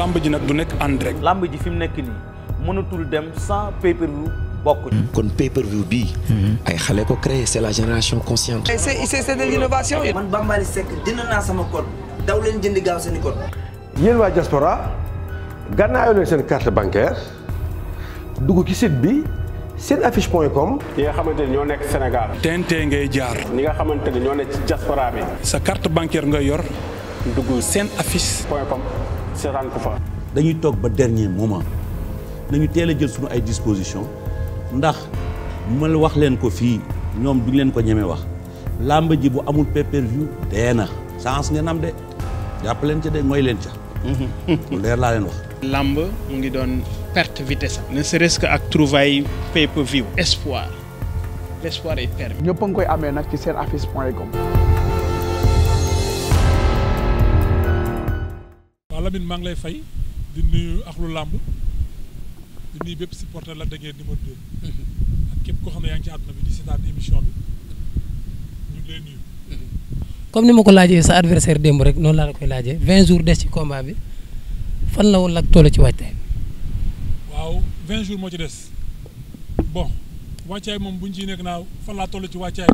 lamb ji nag du nekk en làmb ji fi mu nekk nii mënatul dem sans pay-per-view bokk. kon pay-per-view bii. Mhm. ay xale ko créé c'est la génération consciente. et c'est c'est de l'innovation man Bambaly Seck dina naa sama code daw leen jëndi gaaw seen i code. yéen waa diaspora gànnaayoo leen seen carte bancaire dugg ci site bi. seen affiche point com. ñi nga xamante ni ñoo nekk Sénégal. TNT ngay jaar. ñi nga xamante ni ñoo nekk ci diaspora bi. sa carte bancaire nga yor. dugg seen affiche. point seetaan ko fa. dañuy toog ba dernier moment nañu teel a jël suñu ay disposition ndax ma wax leen ko fii ñoom duñ leen ko ñeme wax làmb ji bu amul pay-per-view dee na chance ngeen am de jàpp leen ca de mooy leen ca. lu leer laa leen wax. làmb mu ngi doon perte vitesse ne serait-ce ak trouvaille pay-per-view. espoir l'espoir est permis. ñëpp a koy amee nag ci seen affiche point com. waaw Lamine maa ngi lay fay di nuyu axlu làmb di bépp supporter Lac de Guiers numéro 2. Mm-hmm. képp koo xam ne yaa ngi ci àdduna bi di seetaan émission bi ñu lay nuyu. Mm-hmm. comme ni ma ko laajee sa adversaire démb rek noonu laa la koy laajee 20 jours des ci combat bi fan la woon Lac toll ci waajtaay. waaw 20 jours moo ci des bon wàccaay moom bu ñu ciy nekk naa fan laa toll ci wàccaay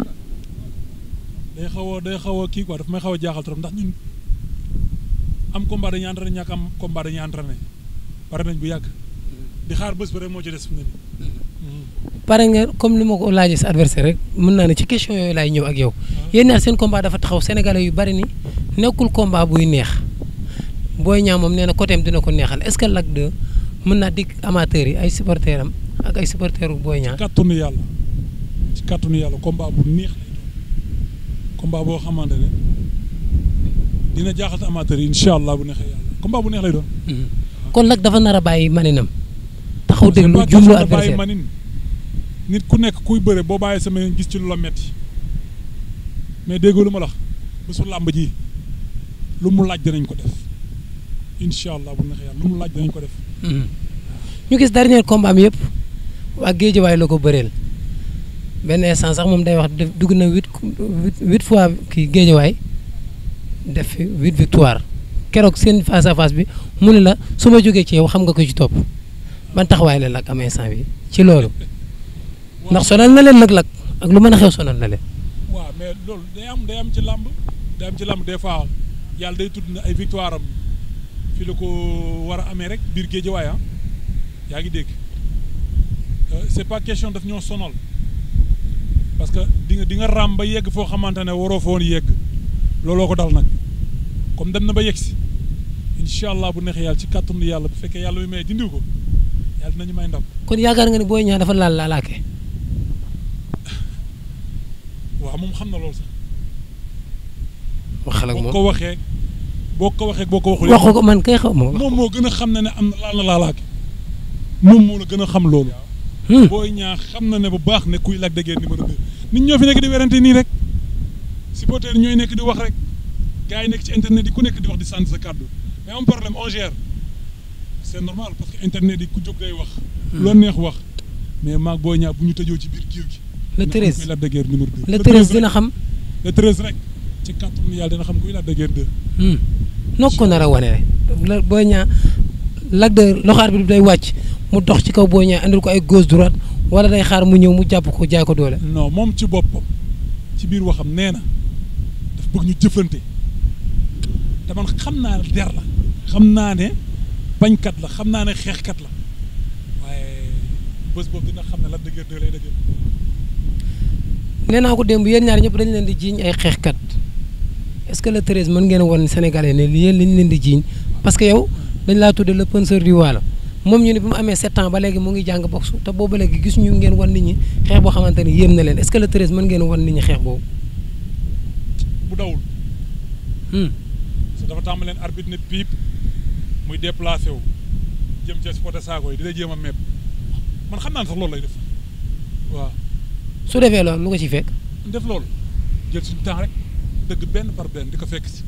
day xaw a day xaw a kii quoi daf may xaw a jaaxal trop ndax am combat dañuy entraîné ñàkk am combat dañuy entraîné pare nañ bu yàgg di xaar bés ba rek moo ci des fi mu ne mm-hmm. pare nga comme li ma ko laajee sa adversaire rek mën naa ne ci question yooyu laay ñëw ak yow. Ah. yéen ñaar seen combat dafa taxaw sénégalais yu bari ni nekkul combat buy neex booy ñaaw moom nee na côté am dina ko neexal est-ce que Lac 2 mën naa dig amateurs yi ay supporteurs ak ay supporteurs booy ñaaw. kàttanu yàlla yàlla combat bu neex lay doon boo xamante ne. dina jaaxal amateur yi incha allah bu neexee yàlla combat bu neex lay doon. Mhm. kon nag dafa nar a bàyyi maninam. taxaw déglu jublu adversaire manin nit ku nekk kuy bëre boo bàyyi sa gis ci lu la metti mais dégg lu ma la bésu làmb ji lu mu laaj danañ ko def incha allah lu mu laaj danañ ko def. Mhm. ñu gis dernier combat am yëpp waa Géejawaay la ko bëreel benn instant sax moom day wax dugg na huit huit fois kii Géejawaay. def fi huit victoire keroog seen face à bi mu ne la su ma jógee ci yow xam nga ko ci topp ban taxawaay la lak am instant bi ci loolu ndax sonal na leen nag lëg ak lu mën a xew sonal na leen. waaw mais loolu day am day am ci làmb day am ci làmb des fois yàlla day tudd na ay victoire am fi la ko war a amee rek biir géej waay ah yaa ngi dégg euh, c'est pas question daf ñoo sonal parce que di nga di nga raam ba yegg foo xamante ne waroo foon yegg looloo ko dal nag. comme dem na ba yegg si incha allah bu neexee yàlla ci kàttanu yàlla bu fekkee yàlla mi may dindiw ko yàlla dinañu may ndam. kon yaakaar nga ni Boy Niang dafa laal laalaake. moom xam na loolu sax. waxal ko waxee boo ko waxee boo ko waxul. waxu ko man kay xaw moo gën a xam ne ne am na laal na moo la gën a xam loolu. Hmm. Boy Niang xam na ne bu baax ne kuy Lac de Guiers numéro 2 nit ñoo fi nekk di werante nii rek supporter ñooy nekk di wax rek. gaa yi nekk ci internet yi ku nekk di wax di sant sa kàddu mais am problème on gère c' parce que internet yi ku jóg day wax. Hmm. loo neex wax mais maag booy ñaar bu ñu tëjoo ci biir géew gi. le treize la Lac de Guiers numéro 2. le treize dina xam. le treize rek ci kàttanu yàlla dina xam kuy Lac de Guiers 2. Hmm. ko nar a wane rek. la booy ñaar Lac de loxo arbitre bi day wàcc mu dox ci kaw booy ñaar indil ko ay gos droite wala day xaar mu ñëw mu jàpp ko jaay ko doole. non moom ci boppam ci biir waxam nee na daf bëgg ñu jëflante. te xam naa der la xam naa ne bañkat la xam naa ne xeexkat la waaye bés boobu dina xam ne la dëgër de lay dëgër nee naa ko démb yéen ñaar ñëpp dañ leen di jiiñ ay xeexkat est-ce que le treize mën ngeen woon Sénégalais ne yéen lañ leen di jiiñ parce que yow dañ laa tudde le penseur du Waalo moom ñu ne bi mu amee sept ba léegi mu ngi jàng boxe te boobu ba léegi gis ñu ngeen wan nit ñi xeex boo xamante ni na leen que le treize mën ngeen wan nit ñi xeex boobu. bu dawul. Hmm. dafa tàmm leen arbitre ne piip muy déplacé wu jëm ca côté saako yi di la a mépp man xam naa ne sax loolu lay def waaw. su defee loolu lu ko ci fekk. def loolu jël suñu temps rek dëgg benn par benn di ko fekk si.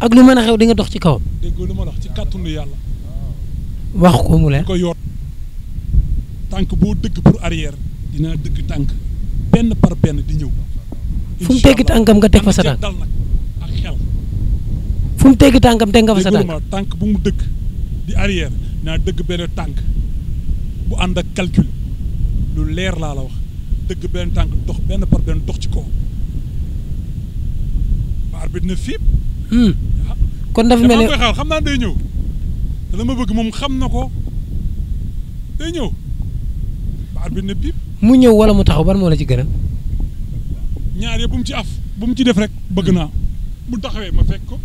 ak lu mën a xew di nga dox ci kawam. dégg lu ma wax ci kàttanu yàlla. wax ko mu leen ko yoot tànk boo dëgg pour arrière dina dëgg tànk benn par benn di ñëw. fu mu teggi tànkam nga teg fa sa tànk fu mu teggi tànkam teg nga fa sa tànk tànk bu mu dëgg di arrière naa dëgg benn tànk bu ànd ak calcul lu leer laa la wax dëgg benn tànk dox benn par benn dox ci kaw ba arbitre na fiip hmm. ah. kon dafa mel xam naa day ñëw te ma bëgg moom xam na ko day ñëw ba arbitre na piip mu ñëw wala mu taxaw ban moo la ci gënal ñaar yëpp bu mu ci af bu mu ci def rek bëgg hmm. naa bu taxawee ma fekk ko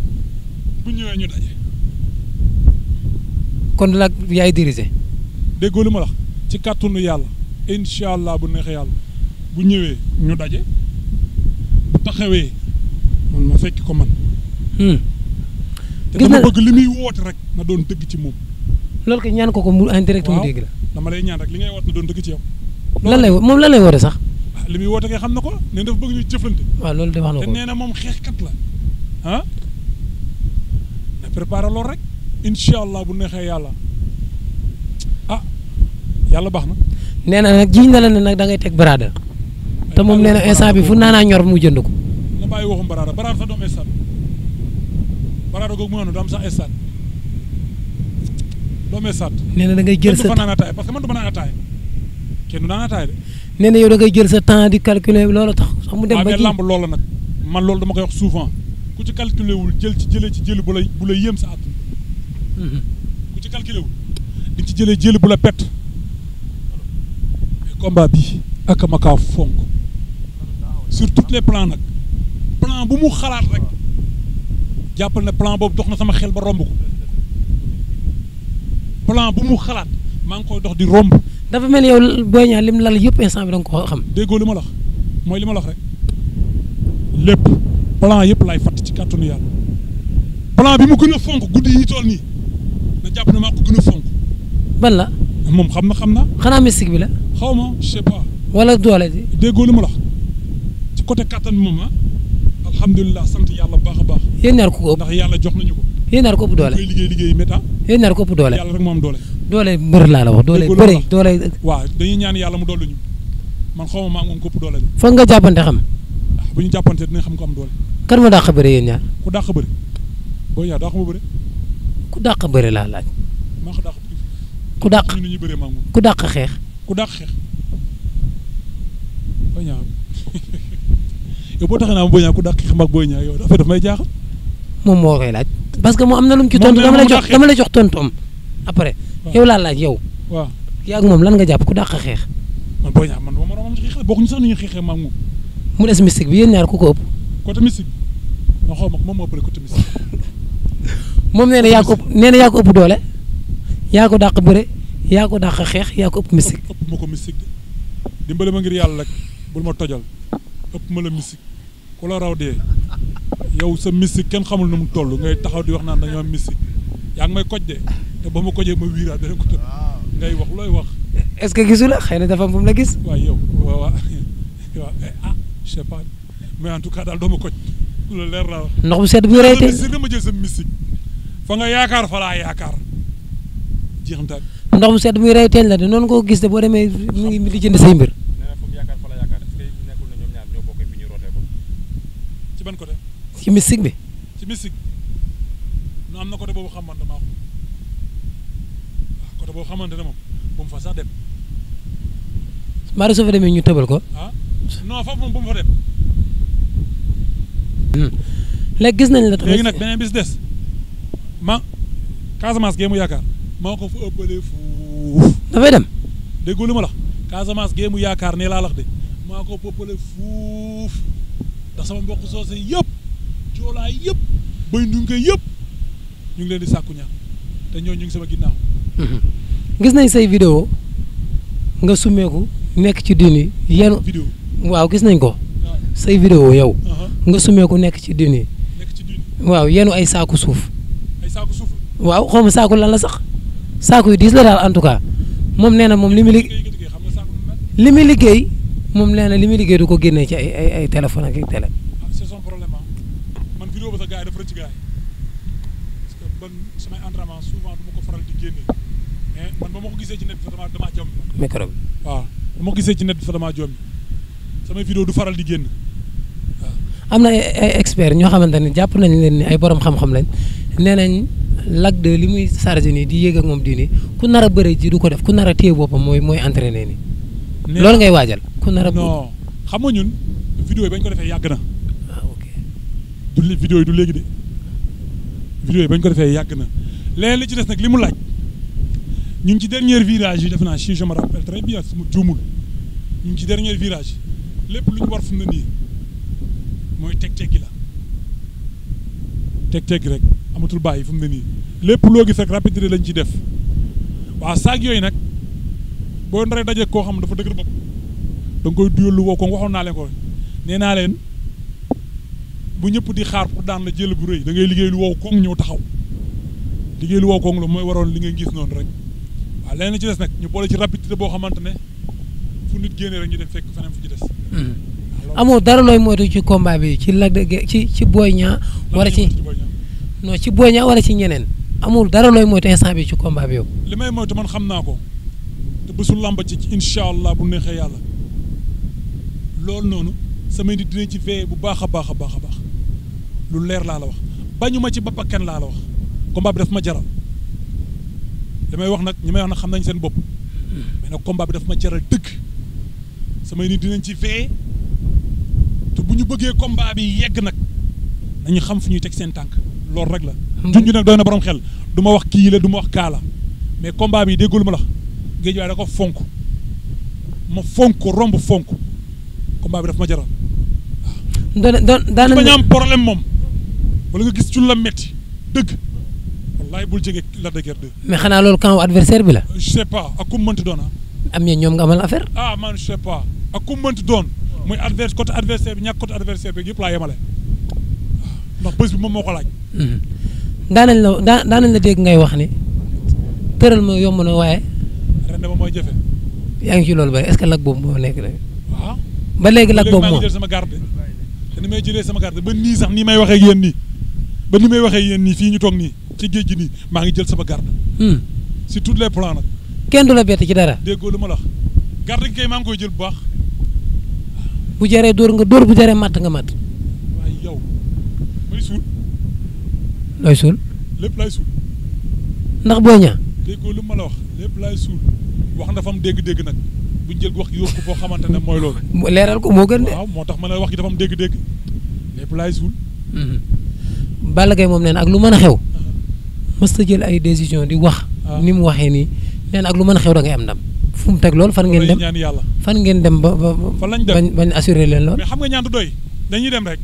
bu ñëwee ñu daje. kon nag yaay diriger. déggoo lu ma wax ci kàttanu yàlla incha allah bu neexee yàlla bu ñëwee ñu daje taxawee man ma fekk ko man. Hmm. te dama bëgg li muy woote rek na doon dëgg ci moom. loolu kay ñaan ko ko mu en direct mu dégg la. dama lay ñaan rek li ngay woote na doon dëgg ci yow. lan lay moom lan lay woote sax. Ah, li muy woote kay xam na ko nee dafa bëgg ñu jëflante. waaw loolu de wax na ko te nee na moom kat la ah. préparé loolu rek incha bu neexee yàlla ah yàlla baax na. nee na nag jiñ na la ne nag da ngay teg baraada. te moom nee instant bi fu naanaa ñor mu jënd ko. na bàyyi waxum baraada baraada sax doom instant baraada googu mu sax instant doom instant. nee na da ngay jël sa kenn du parce que man du ma naan ataay kenn du na yow da ngay jël sa temps di calculer loolu tax. sax mu dem ba ji nag man loolu dama koy wax souvent. ku ci calculé wul jël ci jëlee ci jëli bu la bu yéem sa àdduna mhm. ku ci ci jëlee jëli bu la pett mais combat bi ak ma fonk sur tous les nag plan bu mu xalaat rek jàppal ne plan boobu dox na sama xel ba romb ko plan bu mu xalaat maa ngi koy dox di romb. dafa mel ni yow booy ñaar lim lal yëpp instant bi da nga ko xam. déggoo li ma la mooy li ma la rek lépp. plan yëpp laay fatt ci kàttanu yàlla plan bi mu gën a fonk guddi yi tool na jàpp ne maa ko fonk. ban la. moom xam na xam naa. xanaa mystique bi la. xaw ma je sais pas. wala doole ji. déggoo li mu la ci côté kàttan moom ah. alhamdulilah sant yàlla baax a baax. yéen ñaar yàlla jox nañu ko. yéen ñaar ko ëpp doole koy liggéey liggéey métta. Ah. yéen ñaar doole doole. doole mbër laa la wax doole bëri doole. waaw dañuy ñaan yàlla mu dolli ñu man xaw ma maa moom ko doole la. foog nga jàppante xam. Ah, bu ñu jàppante dinañ xam ko am kan moo dàq bëre yéen ñaar. ku dàq bëre. booy ñaar dàq ma bëre. ku dàq laa laaj. maa ko dàq ku dàq ku dàq xeex. ku dàq xeex. booy ñaar yow ku dàq xeex mag yow dafa daf may moo koy laaj. parce que mu am na lu mu ci tontu dama la jox dama la jox tontom laa laaj yow. moom lan nga jàpp ku dàq xeex. man booy ñaar man boo ma ñu mu des mystique bi yéen ñaar ku ko ëpp. côté mystique non xaw ma moom moo bëri côté mystique. moom nee na yaa ko nee na yaa ko ëpp doole yaa ko dàq bëre yaa ko dàq xeex yaa ko ëpp mystique. ëpp ma ko mystique de dimbale ma ngir yàlla rek bul ma tojal ëpp ma la mystique ku la raw dee yow sa mystique kenn xamul nu mu toll ngay taxaw di wax naan dañoo am mystique yaa ngi may koj de te ba ma kojee ma wiiraat beneen ko ngay wax looy wax. est-ce que gisu xëy na dafa am fu mu la gis. waaw yow eh, ah, mais en tout cas daal doo ma ko leer naa la. ndox bu sedd bu yoree tey dama jël sa mystique fa na ndox bu sedd bu yoree tey la de noonu ko gis de boo demee mu ngi di jënd say mbir. ci ban côté. ci mystique bi. ci mystique bi am na côté boobu xamante ne maa ko boobu xamante ne moom bu mu fa sax dem. Marie Sophie demee ñu tëbal ko. ah non foofu moom bu fa dem. Hmm. léegi gis nañ la. léegi nag beneen bis ma Casamance gee mu yaakaar maa ko fa ëppalee fuuf. dafay dem. déggu lu ma la Casamance gee yaakaar ne laa lax de maa ko fa ëppalee fuuf ndax sama mbokk soose yëpp joolaa yëpp béy ndunke yëpp ñu ngi leen di sàkku ñaan te ñoo ñu ngi sama ginnaaw. Hmm. gis nañ say vidéo nga summeeku nekk ci diini yenu. vidéo waaw gis nañ ko. say vidéo yow. Uh-huh. nga sumee ku nekk ci dune waaw yenu ay saaku suuf. ay saaku suuf waaw xaw ma saaku lan la sax saaku yu diis la daal en tout cas moom nee na moom li muy liggéey li muy liggéey moom nee na li muy liggéey du ko génnee ci ay ay ay téléphone ak ay télé. Ah, c'est man vidéo ba sax gars yi dafa rëcc gars yi parce ba ma ko gisee ci net bi fa damaa jommi. micro ba ma ko gisee ci net bi fa damaa jommi samay vidéo du faral di génn. am na ay ñoo xamante ne jàpp nañ leen ni ay borom xam-xam lañ nee nañ Lac 2 li muy chargé nii di yéeg ak moom di nii ku nar a bëre ji du ko def ku nar a téye boppam mooy mooy entraîné nii. loolu ngay waajal ku nara a. non xam nga ñun. vidéo yi bañ ko defee yàgg na. ah ok du vidéo ko defee yàgg na léeg li ci des nag li mu laaj ñu ngi ci dernier virage yi def naa si je me rappelle très bien su juumul ñu ngi ci dernier virage lépp lu ñu war fu mu nii. mooy teg-teggi la teg-teggi rek amatul bàyyi fu ne nii lépp loo gis rek rapidité lañ ci def waaw saag yooyu nag boo naree daje koo xam dafa dëgër bopp da koy duyal lu woo ko waxoon naa leen ko nee naa leen bu ñëpp di xaar pour daan la jël bu rëy da ngay liggéey lu wow koŋ ñëw taxaw liggéey lu wow koŋ la mooy waroon li nga gis noonu rek leen leneen ci des nag ñu boole ci rapidité boo xamante ne fu nit génnee rek ñu def fekk feneen fu ñu des. Hmm. amoo dara looy moytu ci combat bi ci la de ci ci Boy Niang wala ci non ci Boy Niang wala ci ñeneen amul dara looy moytu instant bi ci combat bi yow. li may moytu man xam naa ko te bésu làmb ci incha allah bu neexee yàlla loolu noonu samay nit dinañ ci veillé bu baax a baax a baax a baax lu leer laa la wax bañu ma ci boppam kenn laa la wax combat bi daf ma jaral li may wax nag ñi may wax nag xam nañ seen bopp hmm. mais nag combat bi daf ma jaral dëgg samay nit dinañ ci te bu ñu bëggee combat bi yegg nag nañu xam fu ñuy teg seen tànk loolu rek la. Hmm. junj nag doy na borom xel du wax kii la du ma wax kaa mais combat bi déggul ma la géej waaye da ko fonk ma fonk romb fonk combat bi daf ma jaral. waaw daan bañ am problème moom wala nga gis ci lu la metti dëgg. waaye bul jege la de guerre xanaa loolu camp adversaire la. je sais pas ak ku mënti doon ah. am na ñoom nga amal affaire. ah man je ak ku mënti doon. mooy adverse côté adversaire bi ñàkk côté adversaire bi yëpp laa yemale ba bés bi moom moo ko laaj. Hmm. daanañ la daan daanañ la dégg ngay wax ni tëral ma yomb na waaye. ren moom mooy jëfe. yaa ngi ci loolu bay est-ce que lag boobu moo rek. waaw ba léegi lag boobu moom sama garde te may jëlee sama garde ba nii sax nii may waxee ak yéen nii ba ni may waxee ak yéen nii fii ñu toog nii ci géej gi nii maa ngi jël sama garde. Hmm. sur tous les plans kenn du la bett ci dara. déggoo lu ma la wax garde gi kay maa ngi koy jël bu baax. bu jaree dóor nga dóor bu jaree matt nga matt. waaye suul. looy suul. lépp lay suul. ndax boo ñaa lu ma la wax lépp lay suul wax na fa mu dégg-dégg nag buñ jël wax yóbbu boo xamante ne mooy loolu. leeral ko moo gën de. waaw moo tax ma ne wax gi dafa am dégg-dégg lépp lay suul. Mhm. Balla Gaye moom nee ak lu mën a xew. Uh-huh. mës ta jël ay décision di wax. Ah. ni mu waxee nii nee na ak lu mën a xew da am ndam. fu mu teg loolu fan ngeen dem ñaan yàlla fan ngeen dem ba ba bañ assuré leen lool mais xam nga ñaan du doy dañuy dem rek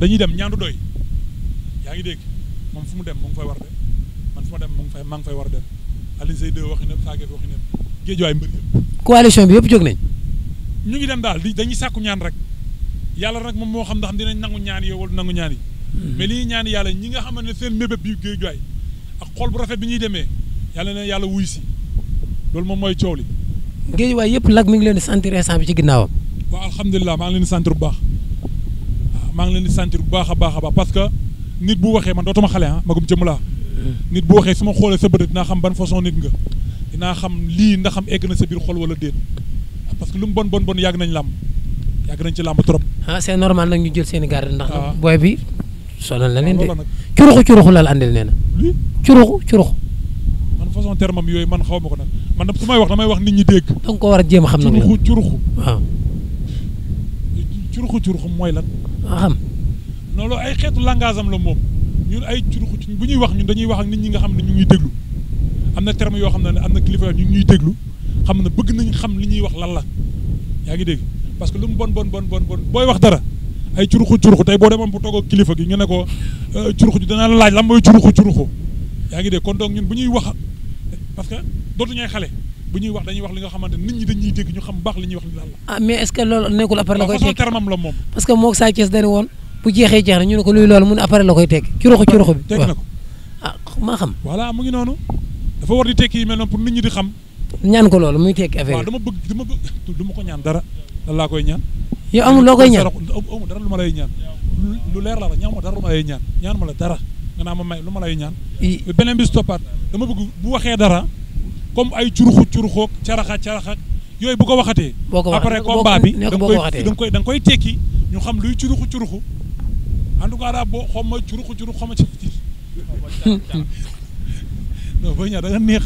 dañuy dem ñaan du doy yaa ngi dégg moom fu mu dem mu ngi fay war a dem man fu dem mu fay maa ngi fay war a dem Alioune Seye 2 waxi na Sa Thiès waxi na géejuwaay mbër yëpp coalition bi yëpp ñu ngi dem daal di dañuy sàkku ñaan rek yàlla rek moom moo xam ndax dinañ nangu ñaan yow wala nangu ñaan yi hmm. mais li ñaan yàlla ñi nga xamante ne seen mébét bi géejuwaay ak xool bu rafet bi ñuy demee yàlla na yàlla wuy si loolu moom mooy coow li. géejuwaay yëpp Lac mi ngi leen di sentir bi ci ginnaawam. waaw alhamdulilah maa ngi leen di sentir bu baax waaw maa ngi leen di sentir bu baax a baax a baax parce que nit bu waxee man dootuma xale ah magum jëm laa. nit bu waxee su ma xoolee sa bët dinaa xam ban façon nit nga dinaa xam lii ndax xam egg na sa biir xol wala déet parce que lu mu bon bon bon yàgg nañ làmb yàgg nañ ci làmb trop. ah c'est normal nag ñu jël seen i garde ndax. Ah. bi sonal na leen de. curuxu ah, curuxu la la andil nee na. curuxu curuxu. man façon termam yooyu man xaw ma ko nag. man su may wax damay wax nit ñi dégg. da nga ko war a jéem a xam ne curuxu curuxu. waaw. curuxu curuxu mooy lan. Ah, xam. loolu ay xeetu langage am la moom ñun ay curuxu bu ñuy wax ñun dañuy wax ak nit ñi nga xam ne ñu ngi déglu am na terme yoo xam ne am na kilifa ñu ñuy déglu xam na bëgg nañ xam li ñuy wax lan la yaa ngi dégg parce que lu mu bon bon bon bon bon booy wax dara. ay curuxu curuxu tey boo demoon bu toog kilifa gi ñu ne ko euh, curuxu ji danaa laaj lamooy mooy curuxu curuxu yaa ngi dégg kon donc ñun bu ñuy wax parce que dootuñu ay xale bu ñuy wax dañuy wax li nga xamante nit ñi dañuy dégg ñu xam baax li wax li lan la. ah mais est ce que loolu nekkul après la koy tekki termam la moom. parce que moog Sa na ñu bi. tekki na ko ah, xam. voilà mu noonu dafa war di tekki yi mel noonu pour nit ñi di xam. ñaan ko loolu muy tekki affaire yi. waaw dama bëgg dama bëgg ko ñaan dara lan laa koy ñaan. yow amul loo koy ñaan dara lu la la ñaan ma ñaan ñaan ma la dara naa ma may lu ma lay ñaan. beneen bis toppaat dama bëgg bu waxee dara comme ay curuxu curuxoog caraxa caraxa yooyu bu ko waxatee. boo ko waxatee après combat bi da nga koy nga koy tekki ñu xam luy curuxu curuxu en tout cas boo xaw ma curuxu curuxu xaw ma ci. non booy neex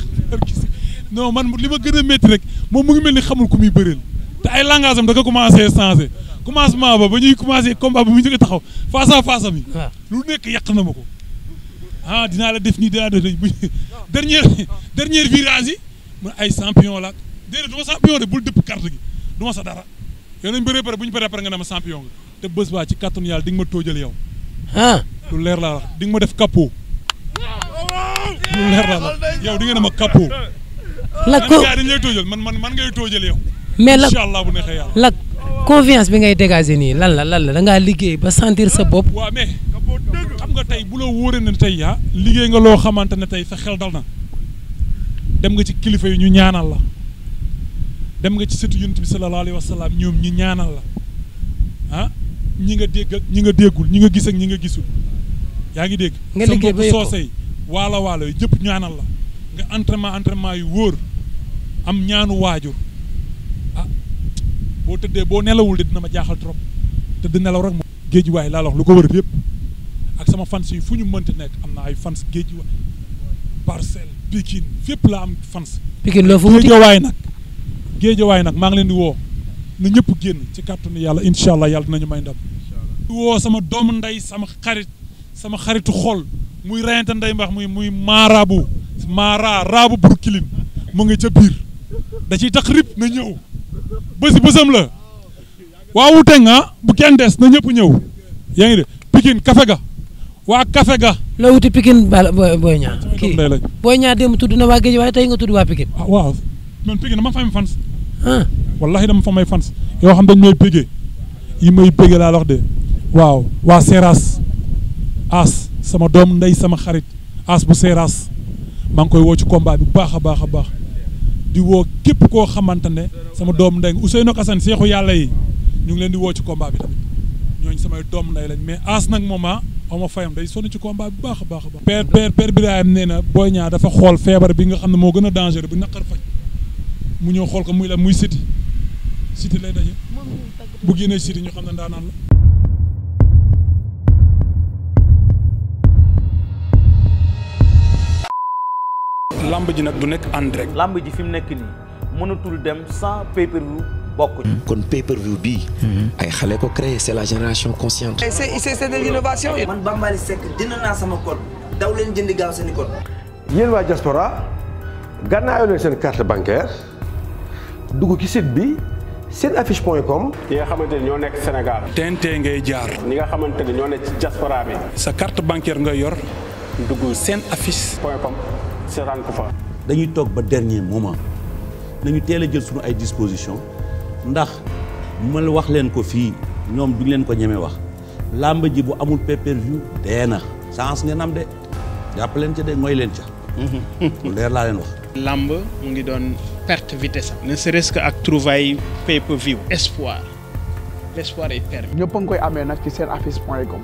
non man li ma gën a metti rek moom mu ngi mel ni xamul ku muy bëreel te ay langage am da nga commencé changé commencement ba ba ñuy commencé combat bi mu jógee taxaw face à face lu nekk yàq na ma ko. ah dinaa la def nii dinaa def dernier virage yi mu ay champion la déedéet du ma champion de bul dëpp carte gi du ma sa dara yow nañ bëree pare bu ñu bëree pare nga ne ma champion nga te bés baa ci kàttanu yàlla di nga ma tóojal yow. ah lu leer di ma def capot. lu leer di nga ne ma capot. la ko man dañ lay tóojal man man man ngay tóojal mais la incha la confiance bi ngay dégager nii lan la lan la da ngaa liggéey ba sentir sa bopp. waaw nga tey bu la wóoree na tey yaa ah, liggéey nga loo xamante ne tey sa xel dal na dem nga ci kilifa yi ñu ñaanal la dem nga ci sëtu Yonent bi sallallahu alayhi wa sallam ñoom ñu ñaanal la ah ñi nga dégg ñi nga déggul ñi nga gis ak ñi nga gisu yaa ngi dégg. nga liggéey ba soosey waalo waalo yi ñëpp ñaanal la nga entraînement entraînement yu wóor am ñaanu waajur a ah, boo tëddee boo nelawul de dina ma jaaxal trop tëdd nelaw rek moom géej waay laa wax lu ko wër yëpp. ak sama fans yi fu ñu mënti nekk am na ay fans géej wa parcelle Pikine fépp la am fans. Pikine loo fu mu géejawaay nag géejawaay nag maa ngi leen di woo nu ñëpp génn ci kàttanu yàlla incha allah yàlla ñu may ndam. sama doomu ndey sama xarit sama xaritu xol muy reyante ndey mbax muy muy maaraabu maara raabu burkilin mu ngi ca biir da ciy tax rib na ñëw bési bésam la waaw wuute nga bu kenn des na ñëpp ñëw yaa ngi de Pikine kafe ga. waa kafe ga loo wuti Pikine ba Boy Niang kii Boy Niang démb tudd na waa géej waaye tey nga tudd waa Pikine ah, waaw man Pikine dama fa am fans ah wallahi dama fa may fans yoo xam ne may bégee yi may bégee laa de waaw waa Seras as doom ndey sama xarit as bu Seras maa ngi koy woo ci combat bi baax a baax a baax di woo képp koo xamante ne sama doom ndey Ousseynou ak Assane seexu yàlla yi ñu ngi leen di woo ci combat bi tamit ñooñu samay doom ndey lañ mais as nag mooma ah, Oma Fayam day sonn ci combat bu baax a baax a baax. père père père Birahim nee na Boy ñaar dafa xool feebar bi nga xam ne moo gën a dangereux bu naqar faj mu ñëw xool ko muy la muy siti siti lay daje bu génnee siti ñu xam ne ndaanaan la. nag du nekk en direct. ji fi mu nekk nii mënatul dem sans bokkuñu. Hmm. kon pay per view bii. Hmm. ay xale ko créé c' la génération consciente. c' yi c' est de l' innovation. dina naa sama code daw leen jënd gaaw seen i code. yéen waa diaspora gànnaayoo leen seen carte bancaire dugg ci site bi. seen affice point com. ñi nga xamante ni ñoo nekk Sénégal. TNT ngay jaar. ñi nga xamante ni ñoo nekk ci diaspora bi. sa carte bancaire nga yor. dugg seen affice point com seetaan ko fa. dañuy toog ba dernier moment nañu teel a jël suma ay dispositions. ndax ma wax leen ko fii ñoom duñ leen ko ñeme wax làmb ji bu amul pay-per-view dee na chance ngeen am de jàpp leen ca de mooy leen ca. Mhm. lu leer laa leen wax. làmb mu ngi doon perte vitesse ne serait-ce ak trouvaille pay-per-view. espoir l'espoir est permis. ñëpp a ngi koy amee nag ci seen affiche point com.